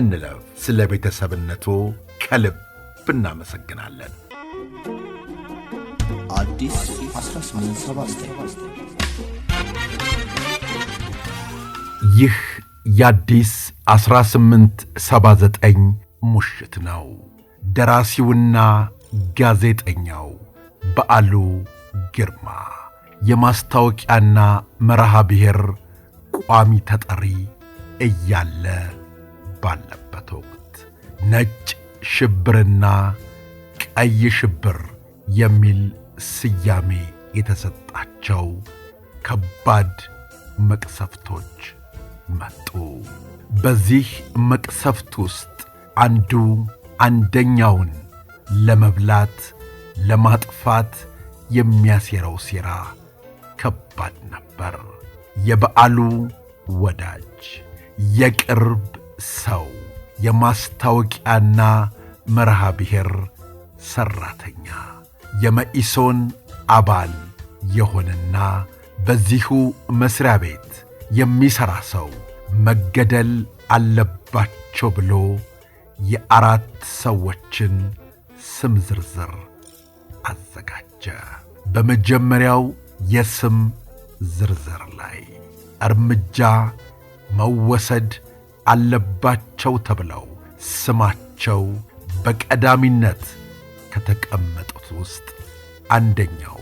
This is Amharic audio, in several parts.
እንለፍ። ስለ ቤተሰብነቱ ከልብ እናመሰግናለን። ይህ የአዲስ 1879 ሙሽት ነው። ደራሲውና ጋዜጠኛው በዓሉ ግርማ የማስታወቂያና መርሃ ብሔር ቋሚ ተጠሪ እያለ ባለበት ወቅት ነጭ ሽብርና ቀይ ሽብር የሚል ስያሜ የተሰጣቸው ከባድ መቅሰፍቶች መጡ። በዚህ መቅሰፍት ውስጥ አንዱ አንደኛውን ለመብላት ለማጥፋት የሚያሴረው ሴራ ከባድ ነበር። የበዓሉ ወዳጅ የቅርብ ሰው የማስታወቂያና መርሃ ብሔር ሠራተኛ የመኢሶን አባል የሆነና በዚሁ መሥሪያ ቤት የሚሠራ ሰው መገደል አለባቸው ብሎ የአራት ሰዎችን ስም ዝርዝር አዘጋጀ። በመጀመሪያው የስም ዝርዝር ላይ እርምጃ መወሰድ አለባቸው ተብለው ስማቸው በቀዳሚነት ከተቀመጡት ውስጥ አንደኛው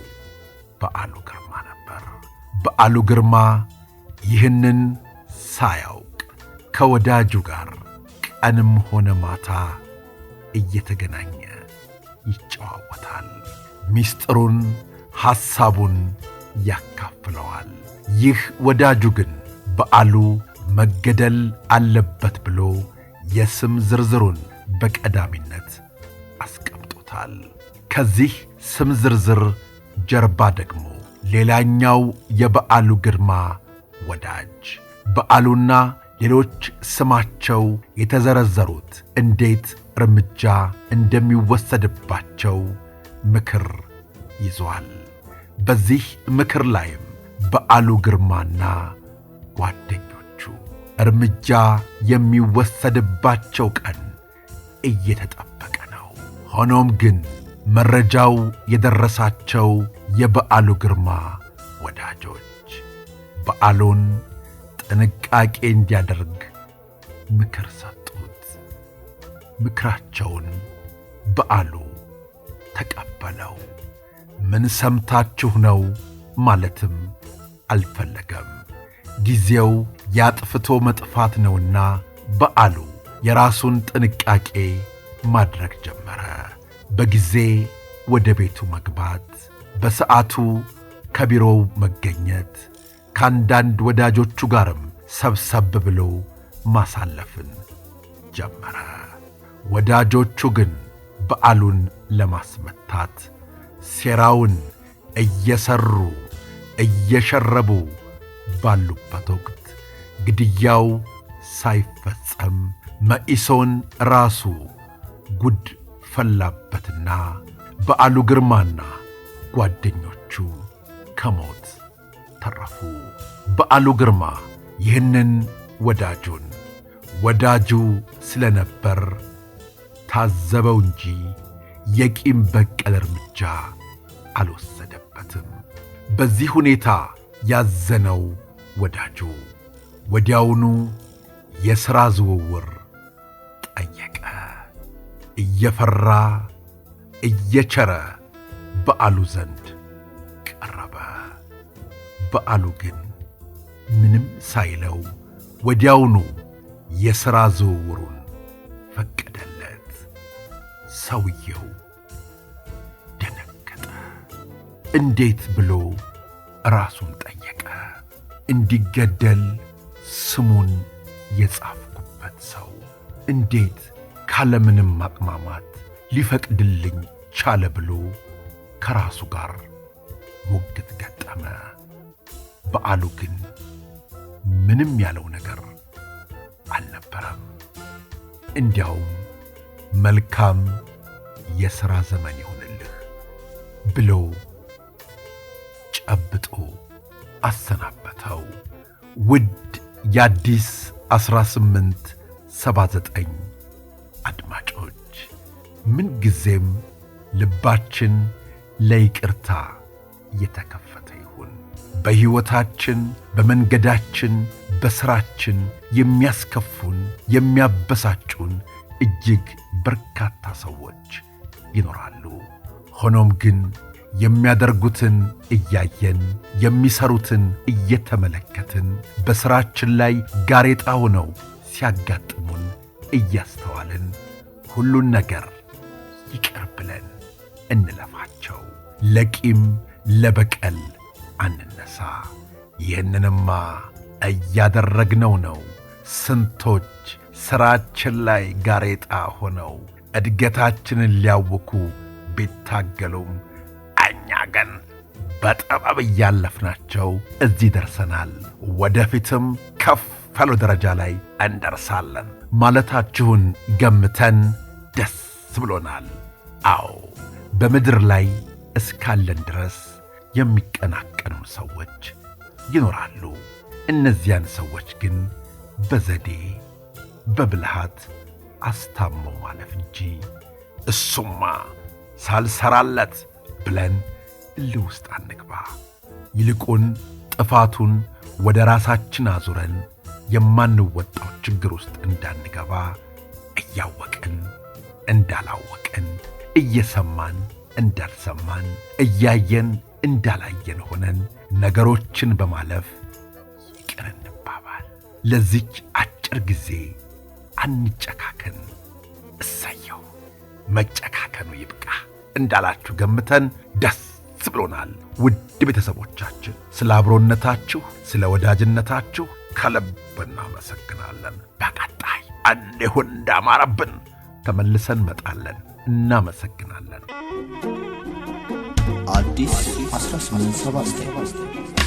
በዓሉ ግርማ ነበር። በዓሉ ግርማ ይህንን ሳያውቅ ከወዳጁ ጋር ቀንም ሆነ ማታ እየተገናኘ ይጨዋወታል። ሚስጥሩን፣ ሐሳቡን ያካፍለዋል። ይህ ወዳጁ ግን በዓሉ መገደል አለበት ብሎ የስም ዝርዝሩን በቀዳሚነት አስቀምጦታል። ከዚህ ስም ዝርዝር ጀርባ ደግሞ ሌላኛው የበዓሉ ግርማ ወዳጅ በዓሉና ሌሎች ስማቸው የተዘረዘሩት እንዴት እርምጃ እንደሚወሰድባቸው ምክር ይዟል። በዚህ ምክር ላይም በዓሉ ግርማና ጓደኛ እርምጃ የሚወሰድባቸው ቀን እየተጠበቀ ነው። ሆኖም ግን መረጃው የደረሳቸው የበዓሉ ግርማ ወዳጆች በዓሉን ጥንቃቄ እንዲያደርግ ምክር ሰጡት። ምክራቸውን በዓሉ ተቀበለው። ምን ሰምታችሁ ነው ማለትም አልፈለገም። ጊዜው ያጥፍቶ መጥፋት ነውና በዓሉ የራሱን ጥንቃቄ ማድረግ ጀመረ። በጊዜ ወደ ቤቱ መግባት፣ በሰዓቱ ከቢሮው መገኘት፣ ከአንዳንድ ወዳጆቹ ጋርም ሰብሰብ ብሎ ማሳለፍን ጀመረ። ወዳጆቹ ግን በዓሉን ለማስመታት ሴራውን እየሰሩ እየሸረቡ ባሉበት ወቅት ግድያው ሳይፈጸም መኢሶን ራሱ ጉድ ፈላበትና በዓሉ ግርማና ጓደኞቹ ከሞት ተረፉ። በዓሉ ግርማ ይህንን ወዳጁን ወዳጁ ስለነበር ታዘበው እንጂ የቂም በቀል እርምጃ አልወሰደበትም። በዚህ ሁኔታ ያዘነው ወዳጁ ወዲያውኑ የሥራ ዝውውር ጠየቀ። እየፈራ እየቸረ በዓሉ ዘንድ ቀረበ። በዓሉ ግን ምንም ሳይለው ወዲያውኑ የሥራ ዝውውሩን ፈቀደለት። ሰውየው ደነገጠ። እንዴት ብሎ ራሱን ጠየቀ። እንዲገደል ስሙን የጻፍኩበት ሰው እንዴት ካለምንም ማቅማማት ሊፈቅድልኝ ቻለ ብሎ ከራሱ ጋር ሙግት ገጠመ። በዓሉ ግን ምንም ያለው ነገር አልነበረም። እንዲያውም መልካም የሥራ ዘመን ይሆንልህ ብሎ ጨብጦ አሰናበተው። ውድ የአዲስ 1879 አድማጮች ምንጊዜም ልባችን ለይቅርታ እየተከፈተ ይሁን። በሕይወታችን፣ በመንገዳችን፣ በሥራችን የሚያስከፉን የሚያበሳጩን እጅግ በርካታ ሰዎች ይኖራሉ። ሆኖም ግን የሚያደርጉትን እያየን የሚሰሩትን እየተመለከትን በሥራችን ላይ ጋሬጣ ሆነው ሲያጋጥሙን እያስተዋልን ሁሉን ነገር ይቅር ብለን እንለፋቸው። ለቂም ለበቀል አንነሳ። ይህንንማ እያደረግነው ነው። ስንቶች ሥራችን ላይ ጋሬጣ ሆነው እድገታችንን ሊያውኩ ቢታገሉም ተናገን። በጠባብ እያለፍናቸው እዚህ ደርሰናል፣ ወደፊትም ከፍ ያለው ደረጃ ላይ እንደርሳለን ማለታችሁን ገምተን ደስ ብሎናል። አዎ በምድር ላይ እስካለን ድረስ የሚቀናቀኑን ሰዎች ይኖራሉ። እነዚያን ሰዎች ግን በዘዴ በብልሃት አስታመው ማለፍ እንጂ እሱማ ሳልሰራለት ብለን እልህ ውስጥ አንግባ። ይልቁን ጥፋቱን ወደ ራሳችን አዙረን የማንወጣው ችግር ውስጥ እንዳንገባ እያወቅን እንዳላወቅን፣ እየሰማን እንዳልሰማን፣ እያየን እንዳላየን ሆነን ነገሮችን በማለፍ ይቅር እንባባል። ለዚች አጭር ጊዜ አንጨካከን። እሰየው መጨካከኑ ይብቃ እንዳላችሁ ገምተን ደስ ብሎናል። ውድ ቤተሰቦቻችን ስለ አብሮነታችሁ፣ ስለ ወዳጅነታችሁ ከልብ እናመሰግናለን። በቀጣይ እንዲሁ እንዳማረብን ተመልሰን መጣለን። እናመሰግናለን። አዲስ 1879